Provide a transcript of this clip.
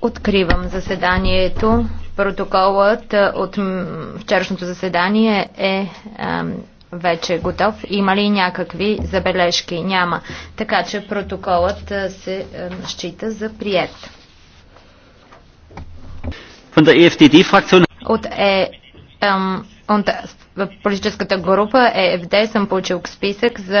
Откривам заседанието. Протоколът е, от вчерашното заседание е, е вече готов. Има ли някакви забележки? Няма. Така че протоколът е, се счита за прият. E от от в политическата група ЕФД съм получил списък за